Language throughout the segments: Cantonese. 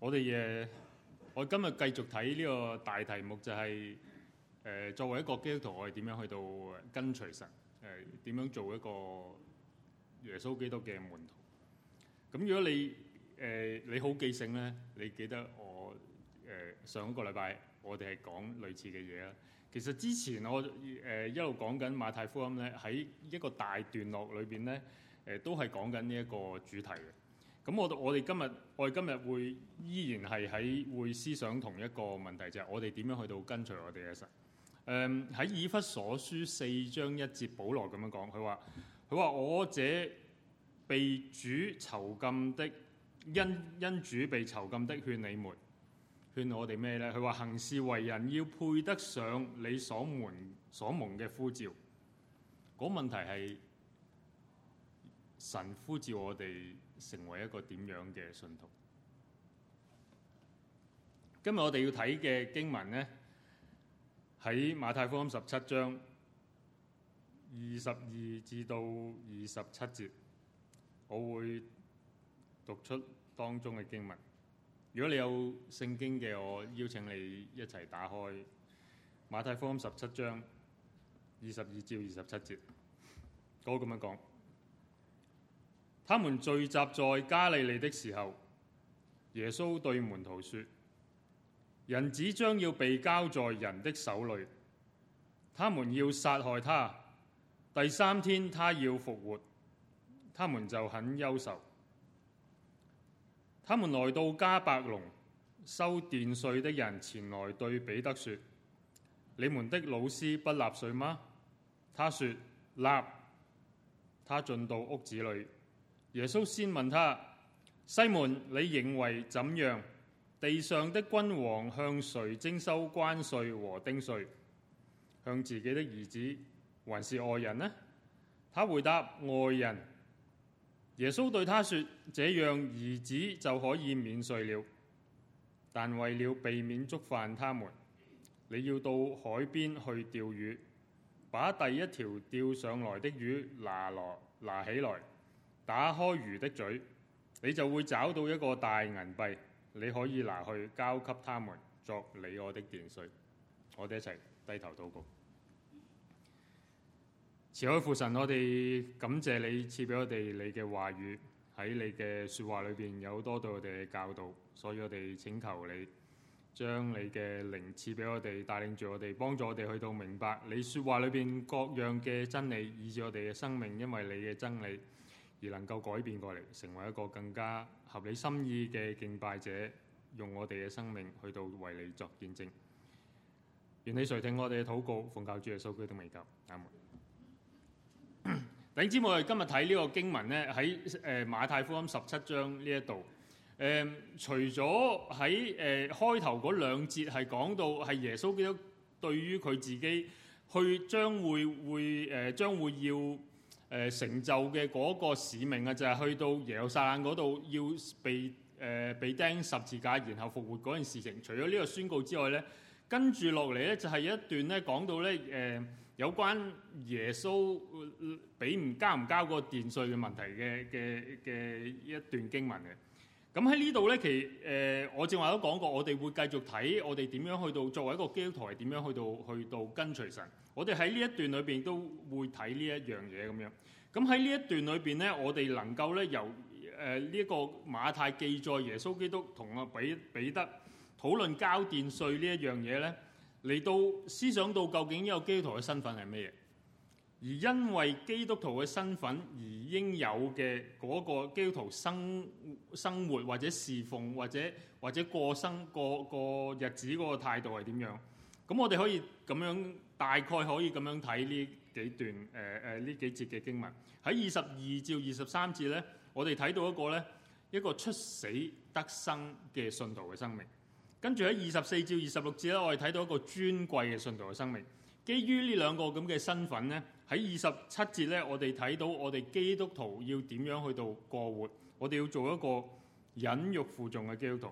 我哋誒，我今日繼續睇呢個大題目，就是，就係誒作為一個基督徒，我哋點樣去到跟隨神？誒點樣做一個耶穌基督嘅門徒？咁如果你誒、呃、你好記性咧，你記得我誒、呃、上一個禮拜我哋係講類似嘅嘢啦。其實之前我誒、呃、一路講緊馬太福音咧，喺一個大段落裏邊咧，誒、呃、都係講緊呢一個主題嘅。咁我們今天我哋今日我哋今日會依然係喺會思想同一個問題，就係、是、我哋點樣去到跟隨我哋嘅神。誒、嗯、喺以弗所書四章一節，保羅咁樣講，佢話佢話我者被主囚禁的，因因主被囚禁的勸，勸你們勸我哋咩咧？佢話行事為人要配得上你所蒙所蒙嘅呼召。嗰、那個、問題係神呼召我哋。成為一個點樣嘅信徒？今日我哋要睇嘅經文呢，喺馬太福音十七章二十二至到二十七節，我會讀出當中嘅經文。如果你有聖經嘅，我邀請你一齊打開馬太福音十七章二十二至二十七節。我咁樣講。他們聚集在加利利的時候，耶穌對門徒說：人子將要被交在人的手裏，他們要殺害他，第三天他要復活。他們就很憂愁。他們來到迦百農，收殿稅的人前來對彼得說：你們的老師不納稅嗎？他說：納。他進到屋子裏。耶穌先問他：西門，你認為怎樣？地上的君王向誰徵收關稅和丁稅？向自己的兒子還是外人呢？他回答：外人。耶穌對他說：這樣兒子就可以免稅了。但為了避免觸犯他們，你要到海邊去釣魚，把第一條釣上來的魚拿來拿起來。打開魚的嘴，你就會找到一個大銀幣，你可以拿去交給他們作你我的殿稅。我哋一齊低頭禱告，慈愛父神，我哋感謝你賜俾我哋你嘅話語喺你嘅說話裏邊有多對我哋嘅教導，所以我哋請求你將你嘅靈賜俾我哋，帶領住我哋，幫助我哋去到明白你說話裏邊各樣嘅真理，以至我哋嘅生命，因為你嘅真理，而能夠改變過嚟，成為一個更加合理心意嘅敬拜者，用我哋嘅生命去到為你作見證。願你垂聽我哋嘅禱告，奉教主耶穌基督未求。阿們。 弟兄姊妹，今日睇呢個經文咧，喺誒、呃、馬太福音十七章呢一度，誒、呃、除咗喺誒開頭嗰兩節係講到係耶穌基督對於佢自己去將會會誒將、呃、會要。誒、呃、成就嘅嗰個使命啊，就係、是、去到耶路撒冷嗰度要被誒、呃、被釘十字架，然後復活嗰件事情。除咗呢個宣告之外咧，跟住落嚟咧就係、是、一段咧講到咧誒、呃、有關耶穌俾唔交唔交個殿稅嘅問題嘅嘅嘅一段經文嘅。咁喺呢度咧，其誒、呃、我正話都講過，我哋會繼續睇我哋點樣去到作為一個基督徒點樣去到去到跟隨神。我哋喺呢一段裏邊都會睇呢一樣嘢咁樣。咁喺呢一段裏邊咧，我哋能夠咧由誒呢個馬太記載耶穌基督同阿彼彼得討論交殿稅呢一樣嘢咧，嚟到思想到究竟呢個基督徒嘅身份係咩嘢？而因為基督徒嘅身份而應有嘅嗰個基督徒生生活或者侍奉或者或者過生過過日子嗰個態度係點樣？咁我哋可以咁樣。大概可以咁樣睇呢幾段誒誒呢幾節嘅經文。喺二十二至二十三節呢，我哋睇到一個呢一個出死得生嘅信徒嘅生命。跟住喺二十四至二十六節呢，我哋睇到一個尊貴嘅信徒嘅生命。基於呢兩個咁嘅身份呢，喺二十七節呢，我哋睇到我哋基督徒要點樣去到過活。我哋要做一個忍辱負重嘅基督徒。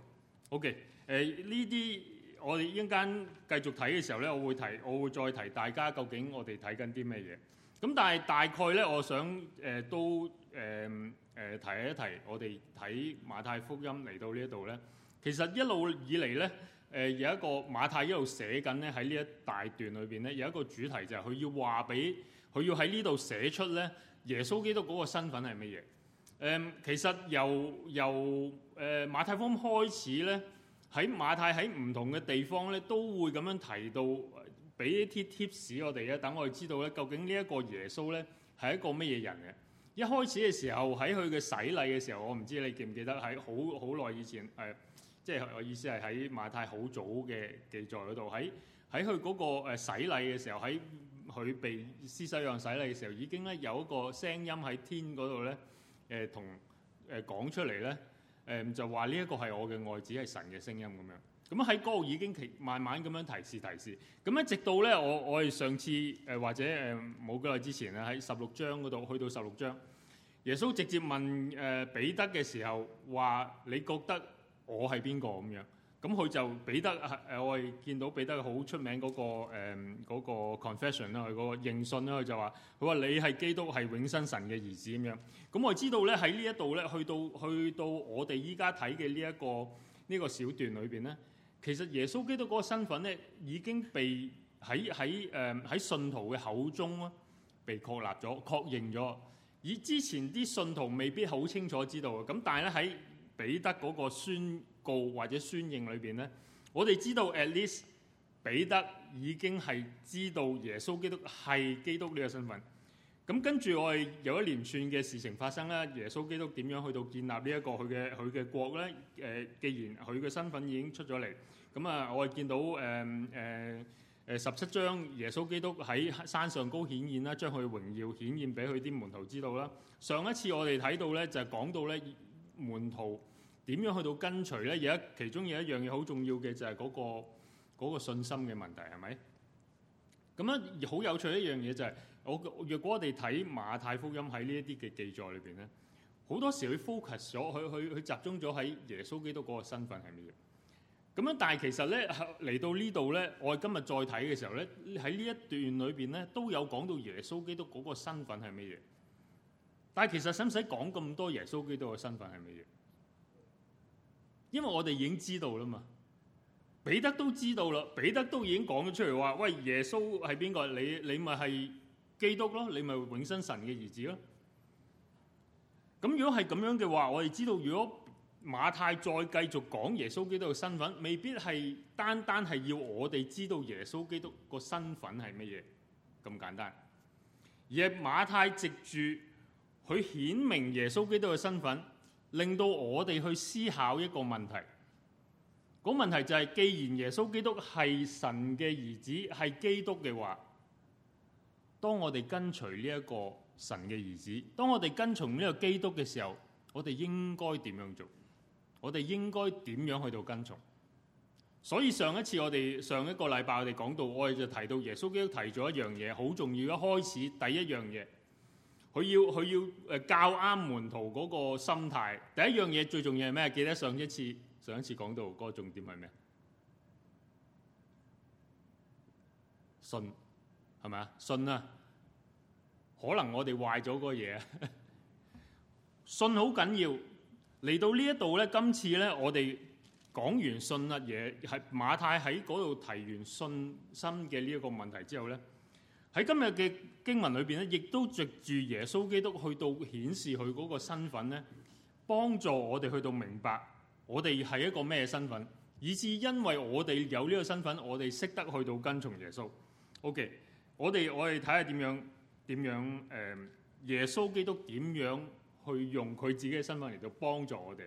OK，誒呢啲。我哋一陣間繼續睇嘅時候咧，我會提，我會再提大家究竟我哋睇緊啲咩嘢。咁但係大概咧，我想誒、呃、都誒誒、呃呃、提一提，我哋睇馬太福音嚟到這裡呢一度咧。其實一路以嚟咧，誒、呃、有一個馬太一路寫緊咧喺呢一大段裏邊咧，有一個主題就係佢要話俾佢要喺呢度寫出咧耶穌基督嗰個身份係乜嘢。誒、呃、其實由由誒、呃、馬太福音開始咧。喺馬太喺唔同嘅地方咧，都會咁樣提到俾一啲貼士我哋咧，等我哋知道咧，究竟呢一個耶穌咧係一個乜嘢人嘅？一開始嘅時候喺佢嘅洗禮嘅時候，我唔知你記唔記得喺好好耐以前誒、呃，即係我意思係喺馬太好早嘅記載嗰度，喺喺佢嗰個洗禮嘅時候，喺佢被施洗約翰洗禮嘅時候，已經咧有一個聲音喺天嗰度咧誒同誒講出嚟咧。嗯、就話呢一個係我嘅愛子，係神嘅聲音咁樣。咁喺度已經慢慢咁樣提示提示。咁咧直到咧我我哋上次、呃、或者誒冇幾耐之前咧喺十六章嗰度去到十六章，耶穌直接問、呃、彼得嘅時候話：你覺得我係邊個咁樣？咁佢就彼得誒，我係見到彼得好出名嗰、嗰個誒、嗯嗰個、confession 啦，佢嗰個認信啦，佢就話：佢話你係基督係永生神嘅兒子咁樣。咁我係知道咧喺呢一度咧，去到去到我哋依家睇嘅呢一個呢、呢個小段裏邊咧，其實耶穌基督嗰個身份咧已經被喺喺誒喺信徒嘅口中啊被確立咗、確認咗。以之前啲信徒未必好清楚知道嘅，咁但係咧喺彼得嗰個宣或者宣認裏面咧，我哋知道 at least 彼得已經係知道耶穌基督係基督呢個身份。咁跟住我哋有一連串嘅事情發生啦。耶穌基督點樣去到建立、這個、呢一個佢嘅佢嘅國咧？誒，既然佢嘅身份已經出咗嚟，咁啊，我哋見到誒誒誒十七章，耶穌基督喺山上高顯現啦，將佢嘅榮耀顯現俾佢啲門徒知道啦。上一次我哋睇到咧，就係講到咧門徒。點樣去到跟隨咧？有一其中有一樣嘢好重要嘅嗰個，就係嗰個信心嘅問題係咪？咁樣好有趣嘅一樣嘢就係、係、我若果我哋睇馬太福音喺呢一啲嘅記載裏邊咧，好多時佢 focus 咗佢佢佢集中咗喺耶穌基督嗰個身份係乜嘢。咁樣但係其實咧嚟到呢度呢度咧，我哋今日再睇嘅時候咧，喺呢一段裏邊咧都有講到耶穌基督嗰個身份係乜嘢。但係其實使唔使講咁多耶穌基督嘅身份係乜嘢？因為我哋已經知道啦嘛，彼得都知道啦，彼得都已經講咗出嚟話，喂，耶穌係邊個？你你咪係基督咯，你咪永生神嘅兒子咯。咁如果係咁樣嘅話，我哋知道，如果馬太再繼續講耶穌基督嘅身份，未必係單單係要我哋知道耶穌基督個身份係乜嘢咁簡單。而係馬太藉住佢顯明耶穌基督嘅身份。令到我哋去思考一個問題，嗰問題就係，既然耶穌基督係神嘅兒子，係基督嘅話，當我哋跟隨呢一個神嘅兒子，當我哋跟從呢個基督嘅時候，我哋應該點樣做？我哋應該點樣去到跟從？所以上一次我哋上一個禮拜我哋講到，我哋就提到耶穌基督提咗一樣嘢，好重要，一開始第一樣嘢。佢要，佢要教啱門徒嗰個心態，第一樣嘢最重要係咩？記得上一次上一次講到嗰個重點係咩？信係咪啊？信啊！可能我哋壞咗嗰嘢，信好緊要。嚟到這裡呢度呢，今次呢，我哋講完信嘅嘢，係馬太喺嗰度提完信心嘅呢一個問題之後呢。喺今日嘅經文裏邊咧，亦都藉住耶穌基督去到顯示佢嗰個身份咧，幫助我哋去到明白我哋係一個咩身份，以至因為我哋有呢個身份，我哋識得去到跟從耶穌。OK，我哋我哋睇下點樣點樣誒、嗯？耶穌基督點樣去用佢自己嘅身份嚟到幫助我哋？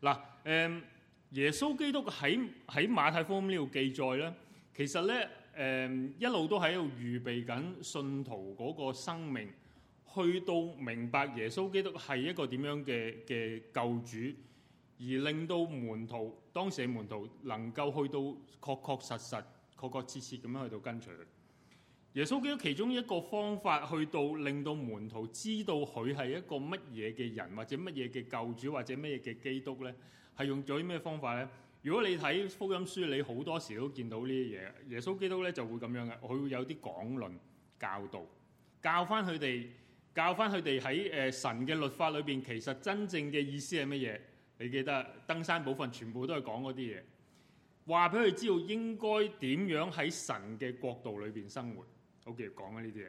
嗱、嗯、誒，耶穌基督喺喺馬太福音呢度記載咧，其實咧。誒、um, 一路都喺度預備緊信徒嗰個生命，去到明白耶穌基督係一個點樣嘅嘅救主，而令到門徒當時嘅門徒能夠去到確確實實、確確切切咁樣去到跟隨佢。耶穌基督其中一個方法去到令到門徒知道佢係一個乜嘢嘅人，或者乜嘢嘅救主，或者乜嘢嘅基督呢，係用咗啲咩方法呢？如果你睇福音書，你好多時都見到呢啲嘢。耶穌基督咧就會咁樣嘅，佢會有啲講論、教導，教翻佢哋，教翻佢哋喺誒神嘅律法裏邊，其實真正嘅意思係乜嘢？你記得登山寶訓全部都係講嗰啲嘢，話俾佢哋知道應該點樣喺神嘅國度裏邊生活。好、OK，嘅，講緊呢啲嘢。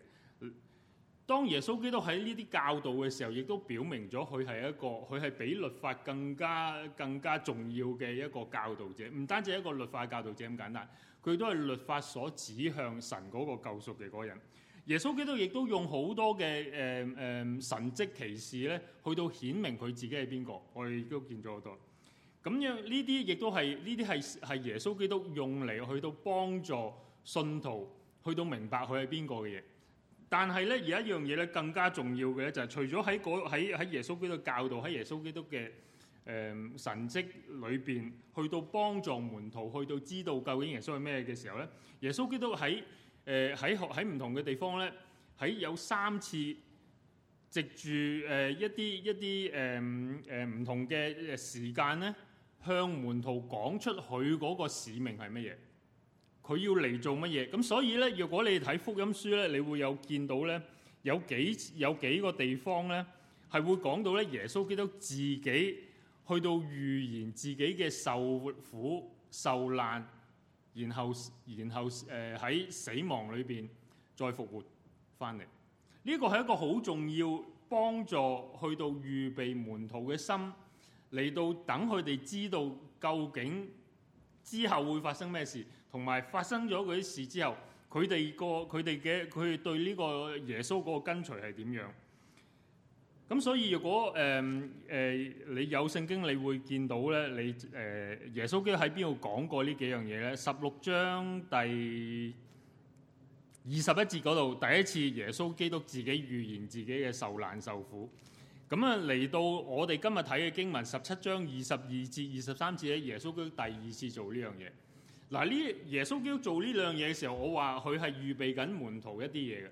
當耶穌基督喺呢啲教導嘅時候，亦都表明咗佢係一個佢係比律法更加更加重要嘅一個教導者，唔單止係一個律法教導者咁簡單，佢都係律法所指向神嗰個救贖嘅嗰人。耶穌基督亦都用好多嘅誒誒神蹟奇事咧，去到顯明佢自己係邊個，我哋都見咗好多。咁樣呢啲亦都係呢啲係係耶穌基督用嚟去到幫助信徒去到明白佢係邊個嘅嘢。但係咧，而一樣嘢咧，更加重要嘅咧，就係、是、除咗喺嗰喺喺耶穌基督教導，喺耶穌基督嘅誒、呃、神蹟裏邊，去到幫助門徒，去到知道究竟耶穌係咩嘅時候咧，耶穌基督喺誒喺學喺唔同嘅地方咧，喺有三次藉住誒、呃、一啲一啲誒誒唔同嘅誒時間咧，向門徒講出佢個使命係乜嘢。佢要嚟做乜嘢？咁所以咧，如果你睇福音書咧，你會有見到咧，有幾有幾個地方咧，係會講到咧，耶穌基督自己去到預言自己嘅受苦受難，然後然後誒喺、呃、死亡裏邊再復活翻嚟。呢、這個係一個好重要幫助，去到預備門徒嘅心，嚟到等佢哋知道究竟之後會發生咩事。同埋發生咗嗰啲事之後，佢哋個佢哋嘅佢對呢個耶穌嗰個跟隨係點樣？咁所以如果誒誒、呃呃，你有聖經，你會見到咧，你誒、呃、耶穌基督喺邊度講過呢幾樣嘢咧？十六章第二十一節嗰度，第一次耶穌基督自己預言自己嘅受難受苦。咁啊，嚟到我哋今日睇嘅經文十七章二十二至二十三節咧，耶穌基督第二次做呢樣嘢。嗱呢耶穌基督做呢樣嘢嘅時候，我話佢係預備緊門徒一啲嘢嘅。誒、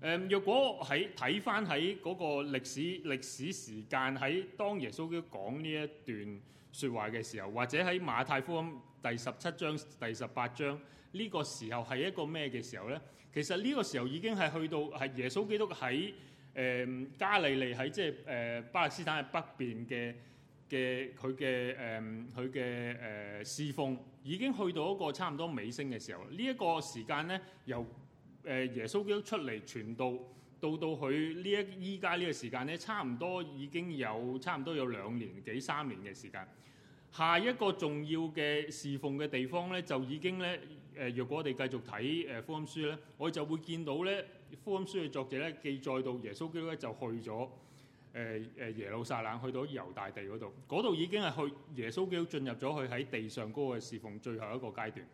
嗯，若果喺睇返喺嗰個歷史歷史時間，喺當耶穌基督講呢一段説話嘅時候，或者喺馬太福音第十七章第十八章呢、這個時候係一個咩嘅時候咧？其實呢個時候已經係去到係耶穌基督喺誒、呃、加利利喺即係誒巴勒斯坦嘅北邊嘅。嘅佢嘅誒佢嘅誒侍奉已經去到一個差唔多尾聲嘅時候，呢、這、一個時間咧，由誒、呃、耶穌基督出嚟傳道，到到佢呢一依家呢個時間咧，差唔多已經有差唔多有兩年幾三年嘅時間。下一個重要嘅侍奉嘅地方咧，就已經咧誒，若、呃、果我哋繼續睇誒、呃、福音書咧，我就會見到咧福音書嘅作者咧記載到耶穌基督咧就去咗。誒誒耶路撒冷去到猶大地嗰度，嗰度已經係去耶穌基督進入咗去喺地上高嘅侍奉最後一個階段。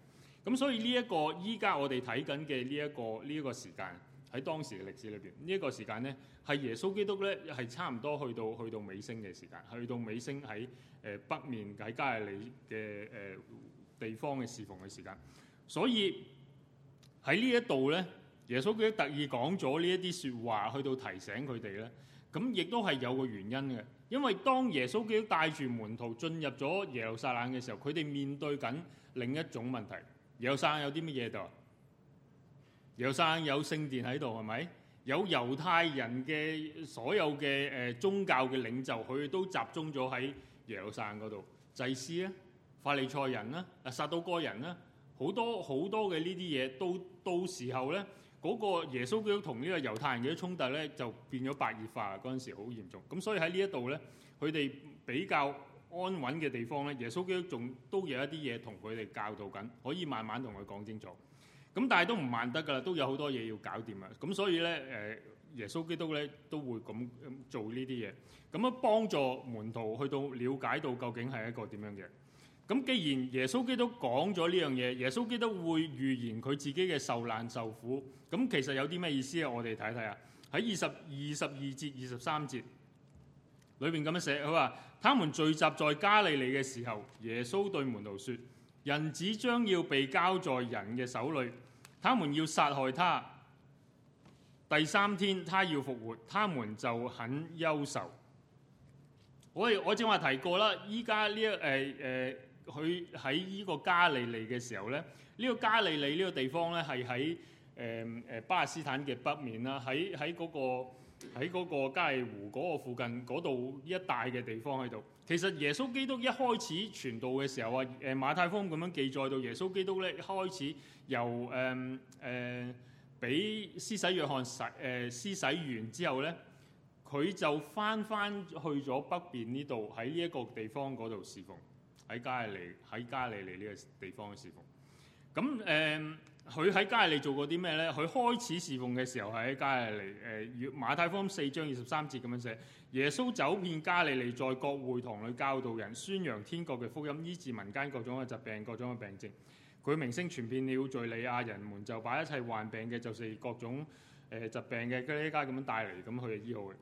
咁所以呢、這、一個依家我哋睇緊嘅呢一個呢一、這個時間喺當時嘅歷史裏邊，呢、這、一個時間咧係耶穌基督咧係差唔多去到去到尾聲嘅時間，去到尾聲喺誒、呃、北面喺加利利嘅誒、呃、地方嘅侍奉嘅時間。所以喺呢一度咧，耶穌基督特意講咗呢一啲說話，去到提醒佢哋咧。咁亦都係有個原因嘅，因為當耶穌基督帶住門徒進入咗耶路撒冷嘅時候，佢哋面對緊另一種問題。耶路撒冷有啲乜嘢度？耶路撒冷有聖殿喺度，係咪？有猶太人嘅所有嘅、呃、宗教嘅領袖，佢哋都集中咗喺耶路撒冷嗰度。祭司咧、啊、法利賽人咧、啊、啊撒都該人咧，好多好多嘅呢啲嘢，到到時候咧。嗰個耶穌基督同呢個猶太人嘅衝突咧，就變咗白熱化，嗰陣時好嚴重。咁所以喺呢一度咧，佢哋比較安穩嘅地方咧，耶穌基督仲都有一啲嘢同佢哋教導緊，可以慢慢同佢講清楚。咁但係都唔慢得㗎啦，都有好多嘢要搞掂啊。咁所以咧，誒耶穌基督咧都會咁做呢啲嘢，咁樣幫助門徒去到了解到究竟係一個點樣嘅。咁既然耶穌基督講咗呢樣嘢，耶穌基督會預言佢自己嘅受難受苦，咁其實有啲咩意思啊？我哋睇睇啊，喺二十，二十二十二節二十三節裏邊咁樣寫，佢話：他們聚集在加利利嘅時候，耶穌對門徒説：人子將要被交在人嘅手裏，他們要殺害他，第三天他要復活，他們就很憂愁。我我正話提過啦，依家呢一誒誒，佢喺依個加利利嘅時候咧，呢個加利利呢個地方咧，係喺誒誒巴勒斯坦嘅北面啦，喺喺嗰個喺嗰個加利湖嗰個附近嗰度呢一帶嘅地方喺度。其實耶穌基督一開始傳道嘅時候啊，誒馬太福音咁樣記載到耶穌基督咧開始由誒誒俾施洗約翰洗誒施洗完之後咧。佢就返返去咗北邊呢度，喺呢一個地方嗰度侍奉，喺加利利，喺加利利呢個地方侍奉。咁誒，佢、呃、喺加利利做過啲咩咧？佢開始侍奉嘅時候喺加利利誒、呃，馬太福音四章二十三節咁樣寫：耶穌走遍加利利，在各會堂裏教導人，宣揚天國嘅福音，醫治民間各種嘅疾病、各種嘅病症。佢名聲傳遍了敍利亞，人們就把一切患病嘅，就係、是、各種誒、呃、疾病嘅，佢呢家咁樣帶嚟，咁去醫好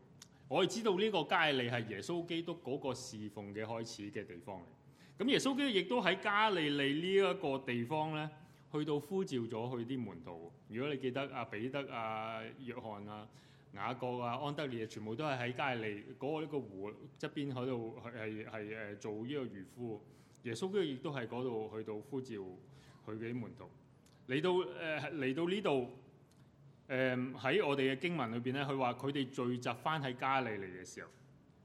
我哋知道呢個加利利係耶穌基督嗰個侍奉嘅開始嘅地方嚟。咁耶穌基督亦都喺加利利呢一個地方咧，去到呼召咗佢啲門徒。如果你記得阿、啊、彼得、阿、啊、約翰、阿、啊、雅各啊、安德烈啊，全部都係喺加利利嗰、那個一個湖側邊喺度係係誒做呢個漁夫。耶穌基督亦都係嗰度去到呼召佢啲門徒。嚟到誒嚟、啊、到呢度。誒、嗯、喺我哋嘅經文裏邊咧，佢話佢哋聚集翻喺加利利嘅時候，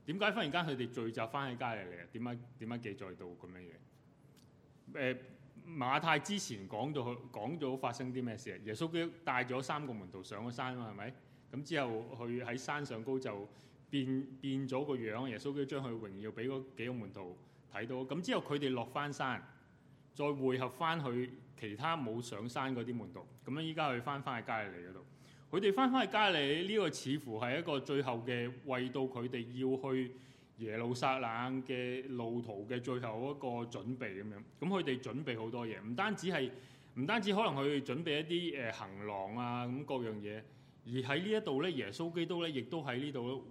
點解忽然間佢哋聚集翻喺加利利？點解點樣記載到咁樣嘢？誒、嗯、馬太之前講到講到發生啲咩事？耶穌基督帶咗三個門徒上咗山啊嘛，係咪？咁之後佢喺山上高就變變咗個樣，耶穌基督將佢榮耀俾嗰幾個門徒睇到，咁之後佢哋落翻山。再匯合翻去其他冇上山嗰啲門徒，咁樣依家去翻翻去加利利嗰度。佢哋翻翻去加利利，呢個似乎係一個最後嘅為到佢哋要去耶路撒冷嘅路途嘅最後一個準備咁樣。咁佢哋準備好多嘢，唔單止係唔單止可能佢哋準備一啲誒行囊啊，咁各樣嘢。而喺呢一度咧，耶穌基督咧亦都喺呢度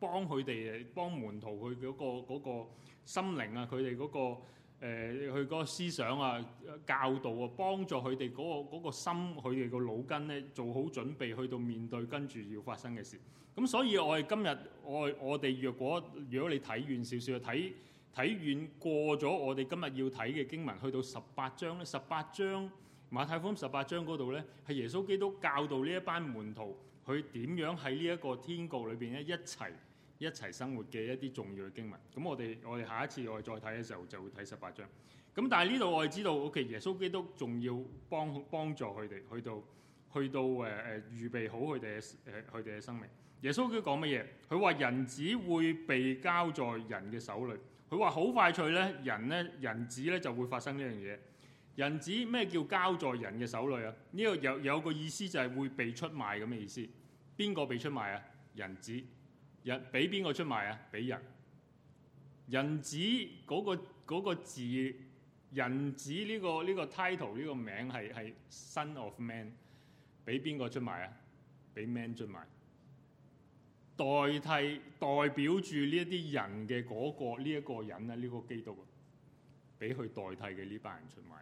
幫佢哋，幫門徒佢嗰個嗰個心靈啊，佢哋嗰個。誒、呃、佢個思想啊、教導啊、幫助佢哋嗰個嗰個心、佢哋個腦筋咧，做好準備去到面對跟住要發生嘅事。咁所以我哋今日，我哋今日我我哋若果如果你睇遠少少睇睇遠過咗我哋今日要睇嘅經文，去到十八章咧，十八章馬太福音十八章嗰度咧，係耶穌基督教導呢一班門徒，佢點樣喺呢一個天國裏邊咧一齊一齊生活嘅一啲重要嘅經文，咁我哋我哋下一次我哋再睇嘅時候就會睇十八章。咁但係呢度我哋知道，OK，耶穌基督仲要幫幫助佢哋去到去到誒誒預備好佢哋嘅誒佢哋嘅生命。耶穌基督講乜嘢？佢話人子會被交在人嘅手裏。佢話好快脆咧，人咧人子咧就會發生呢樣嘢。人子咩叫交在人嘅手裏啊？呢個有有個意思就係會被出賣咁嘅意思。邊個被出賣啊？人子。人俾邊個出賣啊？俾人，人子嗰、那個那個字，人子呢、這個呢、這個 title 呢個名係係 son of man。俾邊個出賣啊？俾 man 出賣，代替代表住呢一啲人嘅嗰、那個呢一、這個人啊，呢、這個基督，俾佢代替嘅呢班人出賣。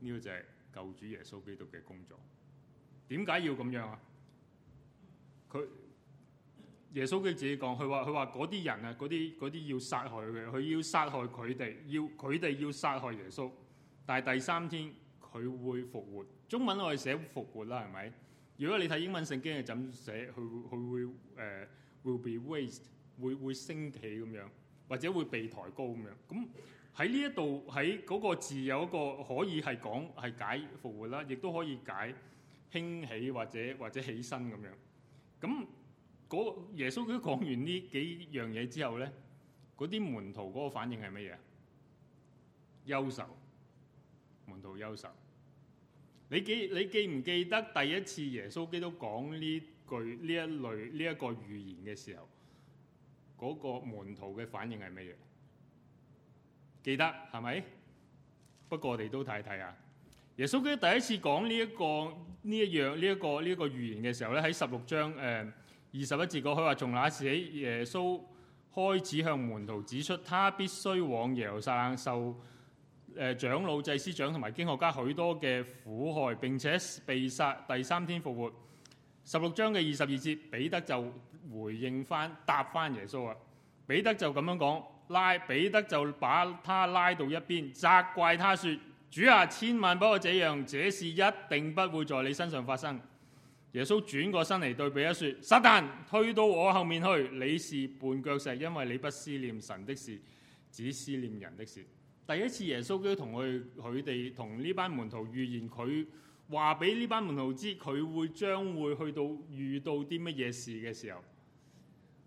呢、這個就係救主耶穌基督嘅工作。點解要咁樣啊？佢。耶穌佢自己講，佢話佢話嗰啲人啊，嗰啲啲要殺害佢，佢要殺害佢哋，要佢哋要殺害耶穌。但係第三天佢會復活。中文我哋寫復活啦，係咪？如果你睇英文聖經係怎寫，佢佢會誒、uh, will be raised，會會,會升起咁樣，或者會被抬高咁樣。咁喺呢一度喺嗰個字有一個可以係講係解復活啦，亦都可以解興起或者或者起身咁樣。咁耶穌基督講完呢幾樣嘢之後呢，嗰啲門徒嗰個反應係乜嘢啊？憂愁，門徒憂愁。你記你記唔記得第一次耶穌基督講呢句呢一類呢一個預言嘅時候，嗰、那個門徒嘅反應係乜嘢？記得係咪？不過我哋都睇睇啊。耶穌基督第一次講呢一個呢一樣呢一、這個呢一、這個預言嘅時候呢，喺十六章誒。呃二十一節嗰句話，從那時起，耶穌開始向門徒指出，他必須往耶路撒冷受誒長老、祭司長同埋經學家許多嘅苦害，並且被殺，第三天復活。十六章嘅二十二節，彼得就回應返，答返耶穌啊！彼得就咁樣講，拉彼得就把他拉到一邊，責怪他說：主啊，千萬不可這樣，這事一定不會在你身上發生。耶穌轉過身嚟對比一說：撒旦，退到我後面去！你是絆腳石，因為你不思念神的事，只思念人的事。第一次耶穌都同佢佢哋同呢班門徒預言他，佢話俾呢班門徒知，佢會將會去到遇到啲乜嘢事嘅時候，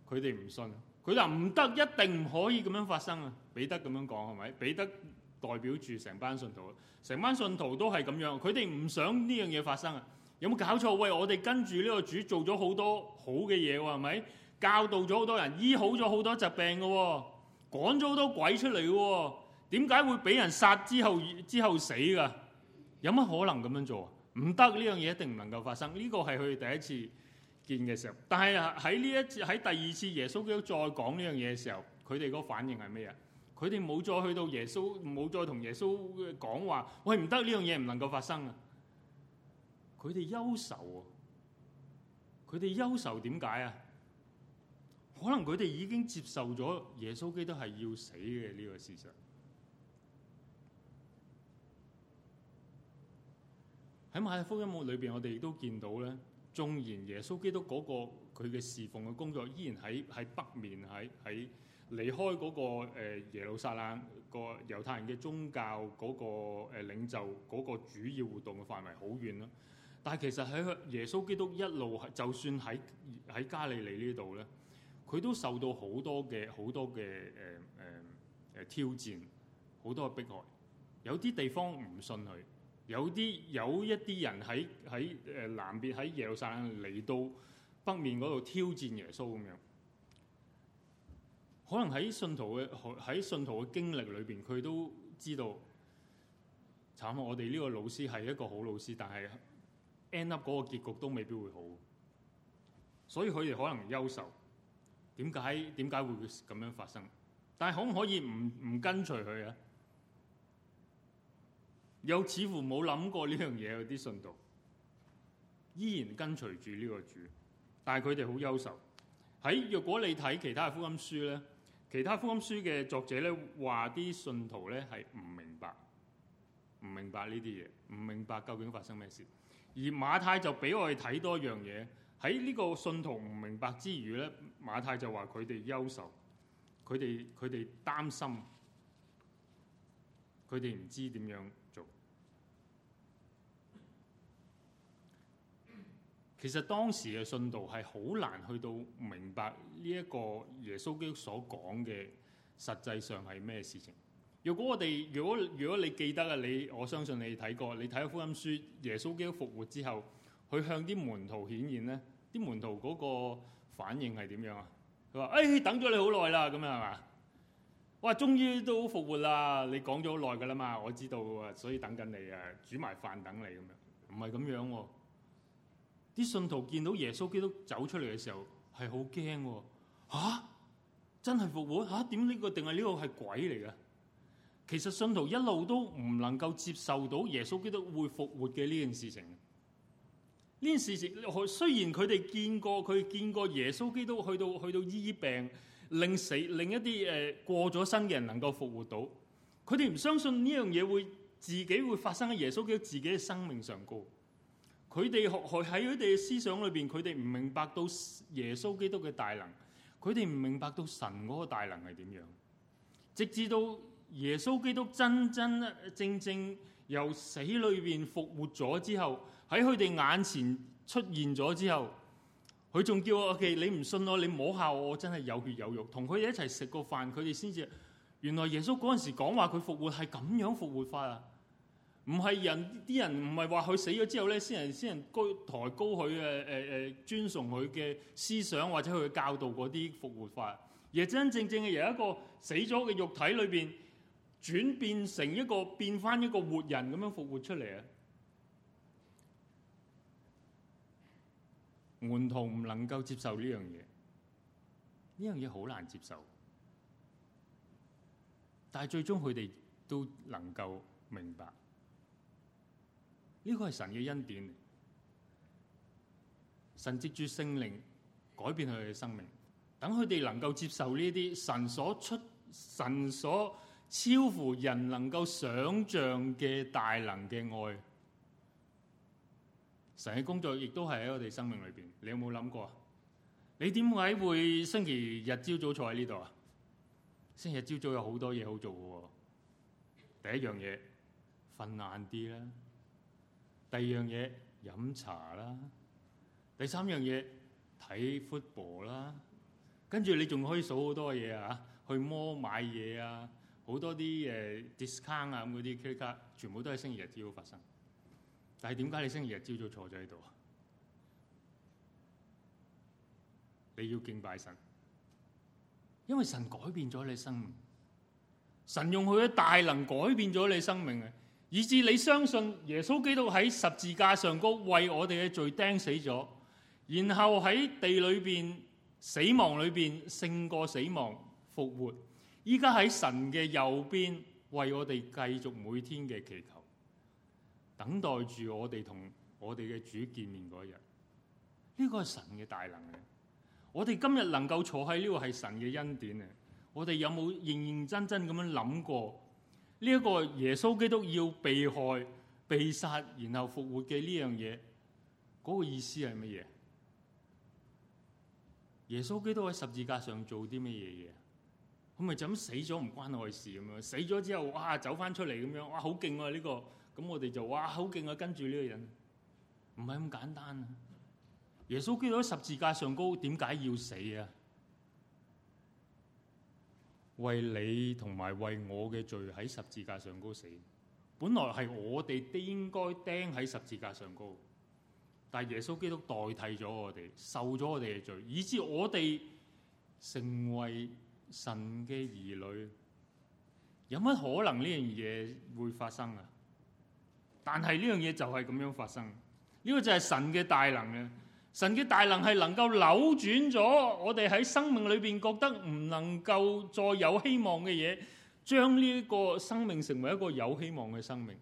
佢哋唔信，佢就唔得，一定唔可以咁樣發生啊！彼得咁樣講係咪？彼得代表住成班信徒，成班信徒都係咁樣，佢哋唔想呢樣嘢發生啊！有冇搞錯？喂，我哋跟住呢個主做咗好多好嘅嘢喎，係咪？教導咗好多人，醫好咗好多疾病噶，哦，趕咗好多鬼出嚟，哦。點解會俾人殺之後之後死噶？有乜可能咁樣做？唔得，呢樣嘢一定唔能夠發生。呢個係佢哋第一次見嘅時候。但係喺呢一次喺第二次耶穌基督再講呢樣嘢嘅時候，佢哋個反應係咩啊？佢哋冇再去到耶穌，冇再同耶穌講話。喂，唔得，呢樣嘢唔能夠發生啊！佢哋憂愁，佢哋憂愁點解啊？可能佢哋已經接受咗耶穌基督係要死嘅呢個事實。喺馬太福音裏邊，我哋亦都見到咧，縱然耶穌基督嗰個佢嘅侍奉嘅工作，依然喺喺北面，喺喺離開嗰個誒耶路撒冷個猶太人嘅宗教嗰個誒領袖嗰個主要活動嘅範圍好遠啦。但係其實喺耶穌基督一路，就算喺喺加利利呢度咧，佢都受到好多嘅好多嘅誒誒誒挑戰，好多嘅迫害。有啲地方唔信佢，有啲有一啲人喺喺誒南邊喺耶路撒冷嚟到北面嗰度挑戰耶穌咁樣。可能喺信徒嘅喺信徒嘅經歷裏邊，佢都知道慘啊！我哋呢個老師係一個好老師，但係。End up 嗰個結局都未必會好，所以佢哋可能憂愁。點解點解會咁樣發生？但係可唔可以唔唔跟隨佢啊？又似乎冇諗過呢樣嘢。有啲信徒依然跟隨住呢個主，但係佢哋好憂愁。喺若果你睇其他福音書咧，其他福音書嘅作者咧話啲信徒咧係唔明白，唔明白呢啲嘢，唔明白究竟發生咩事。而馬太就俾我哋睇多樣嘢，喺呢個信徒唔明白之餘咧，馬太就話佢哋憂愁，佢哋佢哋擔心，佢哋唔知點樣做。其實當時嘅信徒係好難去到明白呢一個耶穌基督所講嘅實際上係咩事情。如果我哋如果如果你記得呀你，我相信你睇過，你睇福音書，耶穌基督復活之後，佢向啲門徒顯現咧，啲門徒嗰個反應係點樣啊？佢話，哎，等咗你好耐啦，咁樣係嘛？哇，終於都復活啦！你講咗好耐㗎啦嘛，我知道，所以等緊你啊，煮埋飯等你咁樣，唔係咁樣喎。啲信徒見到耶穌基督走出嚟嘅時候係好驚喎，嚇！真係復活吓？點，呢個定係呢個係鬼嚟㗎？其實信徒一路都唔能夠接受到耶穌基督會復活嘅呢件事情。呢件事情，雖然佢哋見過，佢見過耶穌基督去到去到醫病，令死令一啲誒、呃、過咗身嘅人能夠復活到，佢哋唔相信呢樣嘢會自己會發生喺耶穌基督自己嘅生命上高。佢哋學喺佢哋嘅思想裏邊，佢哋唔明白到耶穌基督嘅大能，佢哋唔明白到神嗰個大能係點樣，直至到。耶穌基督真真正正由死裏邊復活咗之後，喺佢哋眼前出現咗之後，佢仲叫我，OK，你唔信我，你摸下我，我真係有血有肉。同佢哋一齊食個飯，佢哋先至原來耶穌嗰陣時講話佢復活係咁樣復活法啊，唔係人啲人唔係話佢死咗之後咧，先人先人高抬高佢嘅誒誒尊崇佢嘅思想或者佢教導嗰啲復活法。而真真正正嘅由一個死咗嘅肉體裏邊。轉變成一個變返一個活人咁樣復活出嚟啊！門徒唔能夠接受呢樣嘢，呢樣嘢好難接受，但係最終佢哋都能夠明白呢個係神嘅恩典，神藉住聖靈改變佢哋嘅生命，等佢哋能夠接受呢啲神所出神所。超乎人能夠想像嘅大能嘅愛，神嘅工作亦都係喺我哋生命裏邊。你有冇諗過？你點解會星期日朝早坐喺呢度啊？星期日朝早有好多嘢好做嘅喎。第一樣嘢瞓晏啲啦，第二樣嘢飲茶啦，第三樣嘢睇 football 啦，跟住你仲可以數好多嘢啊！去摸買嘢啊！好多啲誒 discount 啊，咁嗰啲 credit card，全部都係星期日朝早發生。但係點解你星期日朝早坐咗喺度啊？你要敬拜神，因為神改變咗你生命。神用佢嘅大能改變咗你生命啊！以致你相信耶穌基督喺十字架上高為我哋嘅罪釘死咗，然後喺地裏邊死亡裏邊勝過死亡復活。依家喺神嘅右邊，為我哋繼續每天嘅祈求，等待住我哋同我哋嘅主見面嗰一日。呢個係神嘅大能嘅。我哋今日能夠坐喺呢個係神嘅恩典啊！我哋有冇認認真真咁樣諗過呢一個耶穌基督要被害、被殺，然後復活嘅呢樣嘢？嗰個意思係乜嘢？耶穌基督喺十字架上做啲乜嘢嘢？咁咪就咁死咗，唔關我事咁樣。死咗之後，哇，走翻出嚟咁樣，哇，好勁啊，呢個，咁我哋就哇，好勁啊！跟住呢個人唔係咁簡單啊！耶穌基督喺十字架上高點解要死啊？為你同埋為我嘅罪喺十字架上高死，本來係我哋應該釘喺十字架上高，但係耶穌基督代替咗我哋，受咗我哋嘅罪，以至我哋成為。神嘅兒女有乜可能呢樣嘢會發生啊？但係呢樣嘢就係咁樣發生，呢、這個就係神嘅大能啊！神嘅大能係能夠扭轉咗我哋喺生命裏邊覺得唔能夠再有希望嘅嘢，將呢個生命成為一個有希望嘅生命。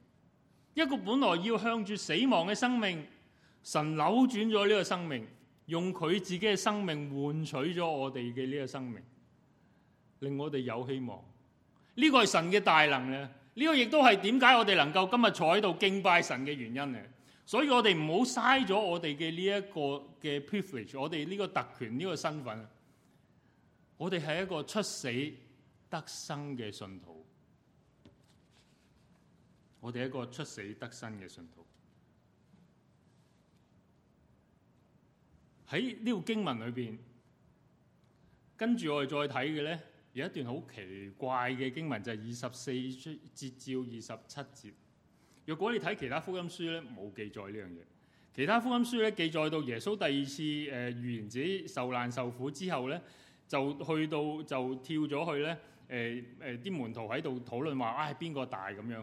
一個本來要向住死亡嘅生命，神扭轉咗呢個生命，用佢自己嘅生命換取咗我哋嘅呢個生命，令我哋有希望，呢個係神嘅大能咧。呢個亦都係點解我哋能夠今日坐喺度敬拜神嘅原因咧。所以我哋唔好嘥咗我哋嘅呢一個嘅 privilege，我哋呢個特權，呢個身份，我哋係一個出死得生嘅信徒。我哋一個出死得生嘅信徒。喺呢個經文裏邊，跟住我哋再睇嘅咧。有一段好奇怪嘅經文，就係二十四節至二十七節。若果你睇其他福音書咧，冇記載呢樣嘢。其他福音書咧記載到耶穌第二次誒預言自己受難受苦之後咧，就去到就跳咗去咧，誒誒啲門徒喺度討論話，唉邊個大咁樣？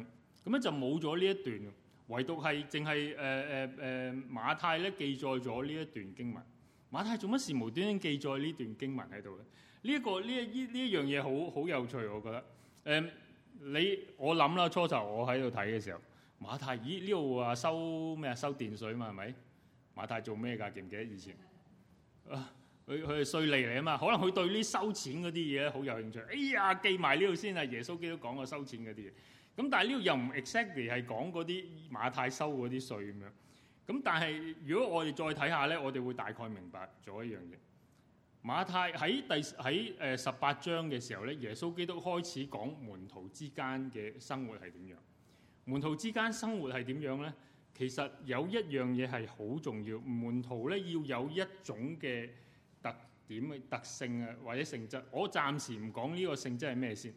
咁咧就冇咗呢一段，唯獨係淨係誒誒誒馬太咧記載咗呢一段經文。馬太做乜事無端端記載呢段經文喺度咧？呢一呢一呢一樣嘢好好有趣，我覺得。誒、嗯，你我諗啦，初頭我喺度睇嘅時候，馬太，咦？呢度話收咩啊？收殿稅啊嘛，係咪？馬太做咩㗎？記唔記得以前？佢佢係稅吏嚟啊嘛，可能佢對呢收錢嗰啲嘢好有興趣。哎呀，記埋呢度先啊！耶穌基督講過收錢嗰啲嘢。咁但係呢度又唔 exactly 係講嗰啲馬太收嗰啲稅咁樣。咁但係如果我哋再睇下咧，我哋會大概明白咗一樣嘢。馬太喺第喺誒十八章嘅時候咧，耶穌基督開始講門徒之間嘅生活係點樣。門徒之間生活係點樣咧？其實有一樣嘢係好重要，門徒咧，要有一種嘅特點嘅特性啊，或者性質。我暫時唔講呢個性質係咩先。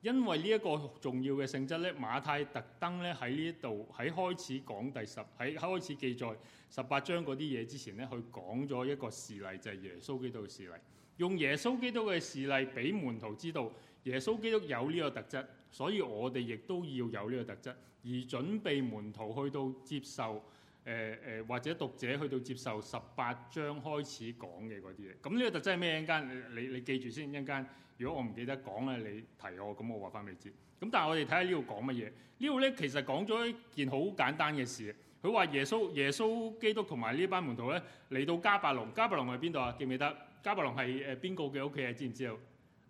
因為呢一個重要嘅性質咧，馬太特登咧喺呢度喺開始講第十喺開始記載十八章嗰啲嘢之前咧，佢講咗一個事例，就係耶穌基督嘅事例，用耶穌基督嘅事例俾門徒知道耶穌基督有呢個特質，所以我哋亦都要有呢個特質，而準備門徒去到接受。誒、呃、誒或者讀者去到接受十八章開始講嘅嗰啲嘢，咁呢個特質係咩？一間你你，你記住先，一間如果我唔記得講咧，你提我，咁我話翻你知。咁但係我哋睇下呢度講乜嘢？呢度咧其實講咗一件好簡單嘅事。佢話耶穌耶穌基督同埋呢班門徒咧嚟到加百隆，加百隆係邊度啊？記唔記得？加百隆係誒邊個嘅屋企啊？知唔知道？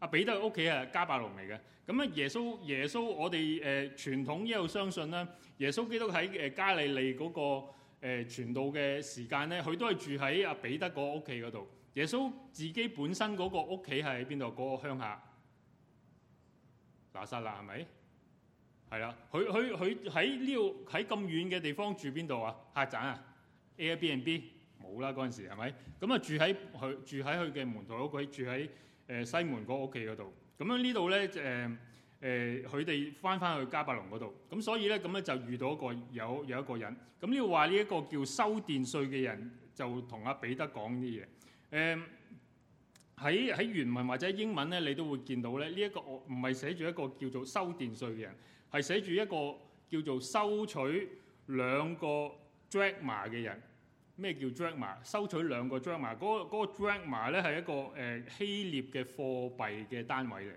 阿、啊、彼得屋企啊，加百隆嚟嘅。咁啊耶穌耶穌我哋誒傳統一路相信啦，耶穌基督喺誒、呃、加利利嗰、那個。誒、呃、傳道嘅時間咧，佢都係住喺阿彼得個屋企嗰度。耶穌自己本身嗰個屋企係喺邊度？嗰、嗰個鄉下，拿撒勒係咪？係啦，佢佢佢喺呢度喺咁遠嘅地方住邊度啊？客棧啊？Airbnb 冇啦，嗰陣時係咪？咁啊住喺佢住喺佢嘅門徒屋企住喺、呃、西門嗰屋企嗰度。咁樣這呢度咧、呃誒、呃，佢哋返返去迦百農嗰度，咁所以咧，咁咧就遇到一個有有一個人，咁呢個話呢一個叫收殿稅嘅人，就同阿彼得講啲嘢。誒、呃，喺喺原文或者英文咧，你都會見到咧，呢、這、一個唔係寫住一個叫做收殿稅嘅人，係寫住一個叫做收取兩個德拉馬嘅人。咩叫 d r a 德拉馬？收取兩個德拉馬。嗰、那、嗰個德拉馬咧係一個誒、呃、希臘嘅貨幣嘅單位嚟。